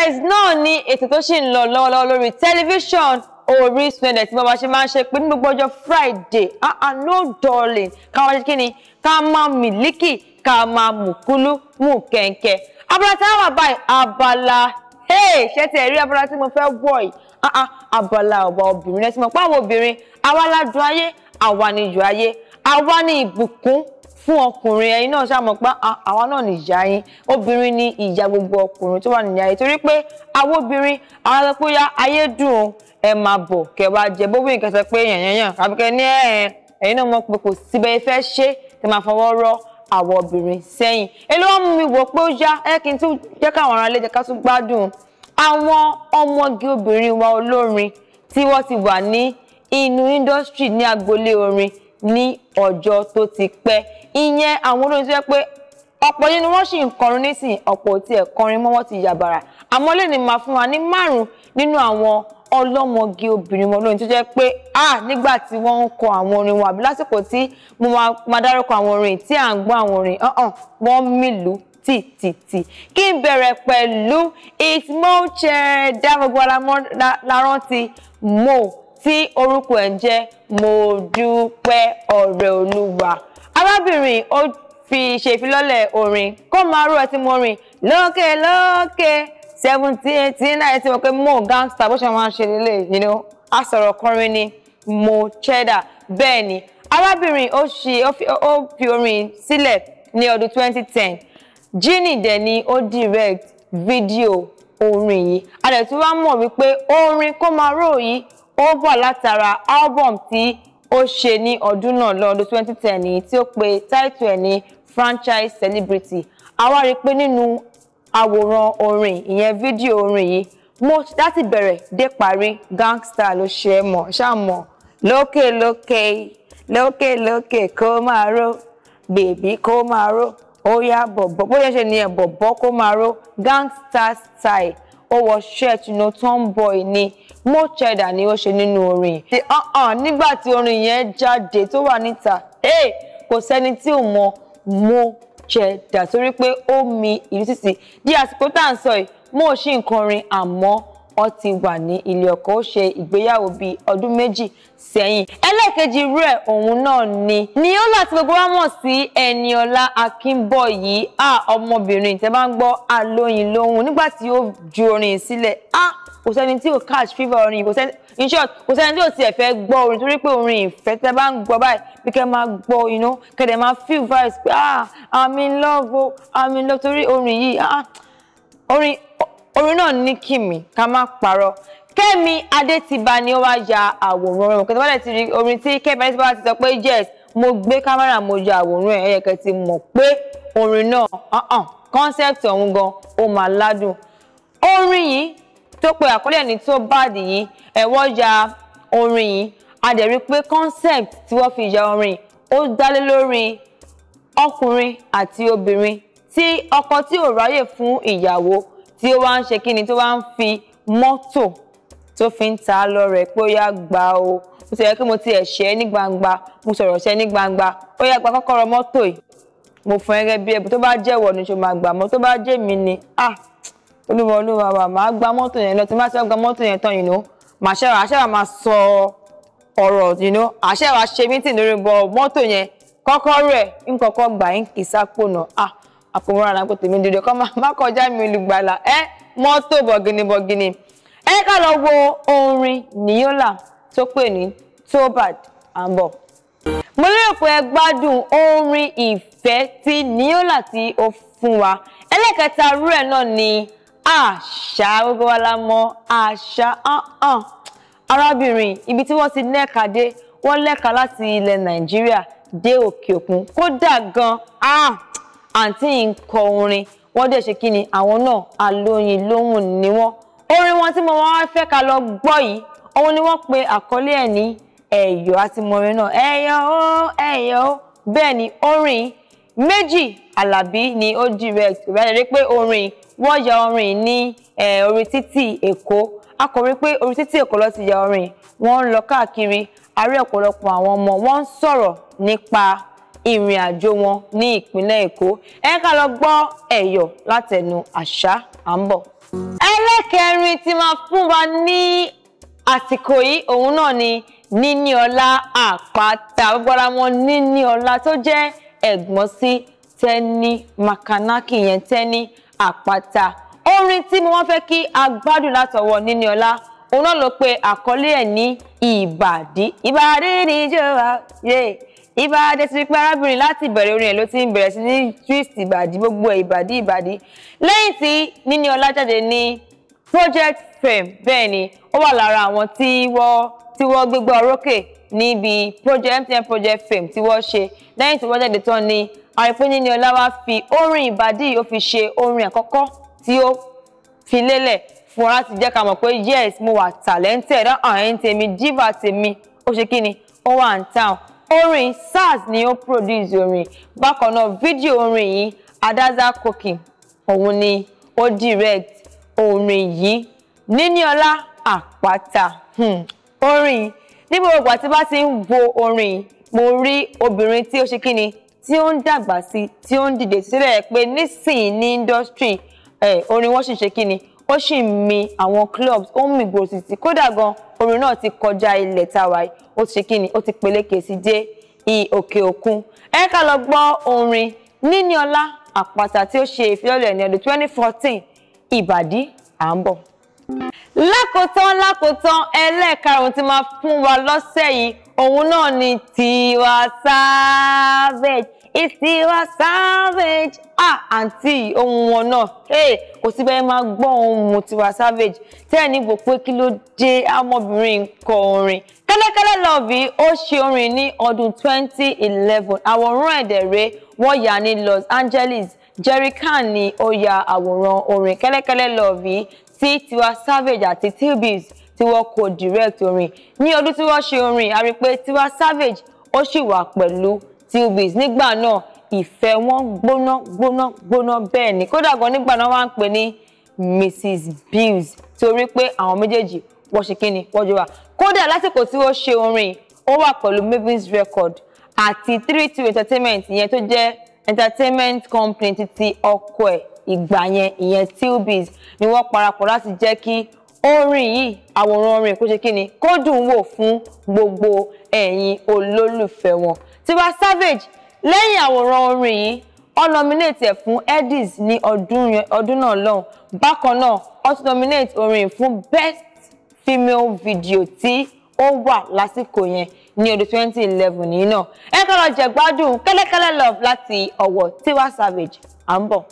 yes náà ni ètò tó ṣì ń lọ lọ́wọ́lọ́wọ́ lórí tẹlifíṣàn Orísun ẹ̀dẹ̀ tí bàbá ṣe máa ń ṣe pé ní gbogbo Friday ah ah no darling ká wá ṣe kí ni ká máa mílíkì ká máa mùkúlú mú kẹ̀ǹkẹ̀ abala tí wọ́n wà báyìí abala ṣé ti ẹ̀rí abala tí mo fẹ́ wọ̀ yìí ah ah abala ọ̀bà obìnrin ẹ̀ tí mo pa àwọn obìnrin àwa ládùn ayé àwa ni ìjọ ayé àwa ni ìbùkún fún ọkùnrin ẹ̀yin náà ṣàmọ̀ pé ah, àwa náà ní ìyá yín obìnrin ni ìyá gbogbo ọkùnrin tó wà nínú ayé torí pé àwọn obìnrin àwọn alẹ́pọ̀yà ayé dùn ún ẹ máa bọ̀ kẹ wá jẹ bóbú nǹkan sọ pé yànyànyàn àbíkẹ́ ní ẹ̀ẹ́n ẹ̀yin náà mọ̀ pé kò síbẹ̀ fẹ́ ṣe tẹ máa fọwọ́ rọ́ àwọn obìnrin sẹ́yìn èló wọn mú mi wò pé ó yá ẹ kí n tún jẹ́ káwọn ará lẹ́jẹ̀ ká tún gbádùn àwọn ọmọge obìnrin wa olórin tí wọ́n ti wà ní inú industry ní agboolé orin ní ọjọ́ tó ti pẹ́ ìyẹn àwọn olórin tó yẹ pé ọ̀pọ̀ yìí ni wọ́n sì ń kọrin nísìn ọ̀pọ̀ tí ẹ̀ kọrin mọ́ wọ́n ti yàbàrà àmọ́ lè ní máa fún wa ní márùn-ún nínú àwọn ọlọ́mọge obìnrin wọn tó jẹ́ pé a nígbà tí wọ́n ń kọ àwọn orin wọn àbí lásìkò tí mo máa dárúkọ àwọn orin tí à ń gbọ́ àwọn orin wọ́n mìlú tìtìtì kí n bẹ̀rẹ̀ pẹ̀lú Itmoche dágbogbo lárántí mo tí orúkọ ẹ̀ ń jẹ́ mo dúpẹ́ ọ̀rẹ́ olúwa arábìnrin ó fi ṣe ìfilọ́lẹ̀ orin kó máa rú ẹtí mo rìn lókè lókè seventeen eighteen náírà tí mo pé mo gangster bó ṣe máa ń ṣe lélẹ̀ yìí ló àsọ̀rọ̀ kọrin ni mo cheda bẹ́ẹ̀ ni arábìnrin ó fi orin sílẹ̀ ní ọdún twenty ten Ginny dẹ̀ ni ó direct fídíò orin yìí a dẹ̀ tún wá mọ̀ wípé orin kó máa rò yìí ó bọ̀ látara album ti ó ṣe ní ọdún náà lọ́dún 2010 ní tí ó pe táìtù ẹ̀ ní franchise celebrity àwa rí i pé nínú àwòrán orin ìyẹn fídíò orin yìí mo láti bẹ̀rẹ̀ dé parí gangsta ló ṣe é mọ̀ ṣàmọ̀ lókè lókè lókè lókè kó máa ró bèbí kó máa ró ó yá bọ̀bọ̀ bóyá ṣe ni ẹ̀ bọ̀bọ̀ kó máa ró gangsta style ó wọ shirt you know tomboy ni mo cheddar ni ó ṣe nínú orin yìí. Uh-uh, ọ̀hán nígbà tí orin yẹn jáde tó wà níta kò sẹ́ni tí ò mọ mo cheddar torí pé ó mi ìlú títì di àsìkò tá à ń sọ yìí mo ṣì ń kọrin àmọ́ wọ́n ti wà ní ilé ọkọ ó ṣe ìgbéyàwó bíi ọdún méjì sẹ́yìn ẹlẹ́ẹ̀kejì irú òun náà ni ni ó láti gbogbo wa mọ̀ sí Ẹniọlá Akínbọ̀yí à ọmọbìnrin tẹ́ bá ń gbọ́ àlóyìn lóhùn nígbà tí ó ju orin sílẹ̀ à kò sẹ́ni tí ò catch fever orin kò sẹ́ni in short kò sẹ́ni tí ò tiẹ̀ fẹ́ gbọ́ orin torí pé orin ìfẹ́ tẹ́ bá ń gbọ́ báyìí bí kẹ́ máa gbọ́ you know máa feel vibes pé ah I'm in love o I'm in love torí orin yìí ah orin orin náà ní kìmí ká má parọ́ kẹ́mi adétìbá ni ó wá ya àwòrán rẹ̀ kẹtàbálẹ̀ ti rí orin tí kẹ́mi adétìbá ti sọ pé yes mo gbé kámẹ́rà mo ya àwòrán ẹ̀ ẹ̀yẹ kẹ́ ti mọ̀ pé orin náà concept ọ̀hún gan ó máa ládùn orin yìí tó pe àkọlé ẹni tó báàdì yìí ẹ̀wọ́ ya orin yìí a dẹ̀ rí i pé concept tí wọ́n fi ya orin ó dálé lórí ọkùnrin àti obìnrin tí ọkọ tí ò ráyè fún ìyàwó tí ó wá ń ṣe kí ni tó wá ń fi mọ́tò tó fi ń ta lọ́rẹ̀ pé ó yá gba o mo ti rẹ̀ pé mo ti ẹ̀ṣẹ́ ní gbangba mo sọ̀rọ̀ ṣẹ́ ní gbangba ó yá gba kọ́kọ́rọ́ mọ́tò yìí mo fún ẹrẹ bí ẹbù tó bá jẹ́ ìwọ ni ṣo máa gbà mọ́ tó bá jẹ́ mi ni ah olúwa olúwa wa máa gba mọ́tò yẹn lọ tí má ti wá gba mọ́tò yẹn tán yìí nù màá ṣẹ́wà àṣẹ́wà máa sọ ọ̀rọ̀ yìí nù àṣẹ́wà ṣe mítì lórí bọ mọ́tò yẹn kọ́kọ́rọ́ ẹ̀ ń kọ́kọ́ gbà ń kì í sápò náà ah àpòmọ́ra pé tèmi dìde kọ́ má kọjá mi olùgbàlà ẹ mọ́tò bọ̀gìnìbọ̀gìnì ẹ ká lọ wo orin nìyọ́là tó pè ní tobad àbọ̀. mo lérò pé ẹ gbádùn orin ìfẹ́ tí nìyọ́là tí ó fún wa ẹlẹ́kẹta rú náà ni àṣà gbogbo wa la mọ̀ àṣà hàn arábìnrin ibi tí wọ́n ti lẹ́ka dé wọ́n lẹ́ka láti ilẹ̀ nàìjíríà dé òkè òkun kódà gan-an. Ah! àǹtí yìí ń kọ orin wọ́n dẹ̀ ṣe kí ni àwọn náà alóyin lóhùn ni wọ́n orin wọn tí mo máa fẹ́ ká lọ gbọ́ yìí òun ni wọ́n pe àkọlé ẹ̀ ní ẹ̀yọ́ àti mọ̀rin náà ẹ̀yọ́ ó ẹ̀yọ́ ó bẹ́ẹ̀ ni orin méjì Àlàbí ni ó direct ìbádẹ́rẹ́ pé orin wọ́n ya orin ní orí títì Èkó a kò rí pé orí títì Èkó ló ti ya orin wọ́n ń lọ káàkiri àárẹ̀ ọ̀pọ̀lọpọ̀ àwọn ọmọ wọ́n ń sọ̀rọ̀ nípa ìrìn àjò wọn ní ìpínlẹ̀ Èkó ẹ ká lọ gbọ́ ẹ̀yọ̀ látẹnu àṣà à ń bọ̀. ẹlẹ́kẹrin tí máa fún wa ní àsìkò yìí òun náà ni Níníọlá Àpáta gbọ́dọ̀ wọn Níníọlá tó jẹ́ ẹ̀gbọ́n sí Tẹ́ni Makanaki yẹn Tẹ́ni Àpáta orin tí mo wá fẹ́ kí a gbádùn látọwọ́ Níníọlá òun náà ló pe àkọlé ẹ̀ ní ìbàdí ìbàdí níjọba yéé ibà adẹ́sí wípé arábìnrin láti ìbẹ̀rẹ̀ orin ẹ̀ ló ti ń bẹ̀rẹ̀ sí ní twist ìbàdí gbogbo ẹ̀ ìbàdí ìbàdí lẹ́yìn tí níní ọlá jáde ní project fame bẹ́ẹ̀ ni ó wà lára àwọn tí wọ́n tí wọ́n gbégbá orókè níbi project MTN project fame tí wọ́n ṣe lẹ́yìn tí wọ́n jáde tán ni àrípé níní ọlá wá fi orin ìbàdí ó fi ṣe orin àkọ́kọ́ tí ó fi lélẹ̀ fún wa láti jẹ́ ká mọ̀ pé yes mo wà talented ọ̀hún ẹni tèmi diva tèmi ó ṣe kí ni ó wà in town orin sars ni ó produce orin bákan náà fídíò orin yìí adaza koki òun ni ó direct orin yìí níníọlá àpáta hmm, orin ní gbogbo ìgbà tí bá ti ń wo orin mo rí obìnrin tí ó ṣe kí ni tí ó ń dàgbà sí tí ó ń dìde sílẹ̀ pé nísìnyí ní industry eh, orin wọn sì ṣe kí ni ó sì ń mi àwọn clubs ó ń mi gbòòsì sí kódà gan-an orin náà ti kọjá ilẹ̀ táwa yìí ó ti ṣe kí ni ó ti peléke sí dé òkè òkun ẹ ká lọ gbọ́ orin níníọlá àpáta tí ó ṣe ìfilọ́lẹ̀ ní ọdún 2014 ìbàdí à ń bọ̀. lákòótán lákòótán ẹlẹ́ẹ̀karùn-ún ti máa fún wa lọ́sẹ̀ yìí òun náà ni Tiwa Savage Ìsíwá Savage ah àǹtí ohun wọn náà hey kò sí bẹ́ẹ̀ máa gbọ́ ohun Tiwa Savage tẹ́ẹ̀ níbo pé kí ló dé ọmọbìnrin kọ orin Kẹ́lẹ́kẹ́lẹ́ Lọ́ọ̀bì ó ṣe orin ní ọdún 2011 àwòrán ẹ̀dẹ̀rẹ́ wọ́n yà ní Los Angeles Jerry Khan ni ó ya àwòrán orin Kẹ́lẹ́kẹ́lẹ́ Lọ́ọ̀bì tí Tiwa Savage àti T-Biz tí wọ́n kò direct orin ní ọdún tí wọ́n ṣe orin a rí pé Tiwa Savage ó sì wà pẹ̀lú Steelbeats nígbà náà ìfẹ́ wọn gbóná gbóná gbóná bẹ́ẹ̀ ni kódà gan nígbà náà wọ́n á ń pè ní Mrs Bills torí pé àwọn méjèèjì wọ́n ṣe kíni wọ́n jọ wà kódà lásìkò tí ó ṣe orin ó wà pẹ̀lú Mavins Record àti three two entertainment ìyẹn tó jẹ́ entertainment company títí ọkọ ẹ̀ ìgbà yẹn ìyẹn Steelbeats ni wọ́n parapọ̀ láti jẹ́ kí orin yìí àwòrán orin kó ṣe kíni kó dùn wò fún gbogbo ẹ̀yin olólùfẹ́ wọn Tiwa Savage lẹ́yìn àwòrán orin yìí ó nominate ẹ̀ fún Edis ní ọdún náà lọ́hùn bákan náà ó tún nominate orin fún best female video tí ó wà lásìkò yẹn ní ọdún 2011 yìí náà ẹ kọ́ lọ jẹ̀gbádùn kẹ́lẹ́kẹ́lẹ́ love láti ọwọ́ Tiwa Savage à ń bọ̀.